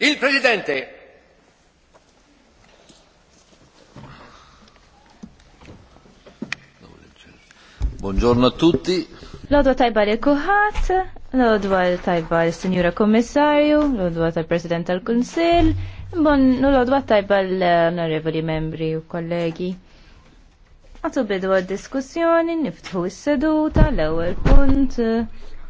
Il-Presidente. Buongiorno a tutti. Lodo tajba li kuħat, lodwa tajba li Signora Kommissarju, lodwa tajba President tal-Kunsil, bon, lodo tajba l-onorevoli membri u kollegi. Għatu bidu għad-diskussjoni, niftħu s-seduta, l-ewel punt,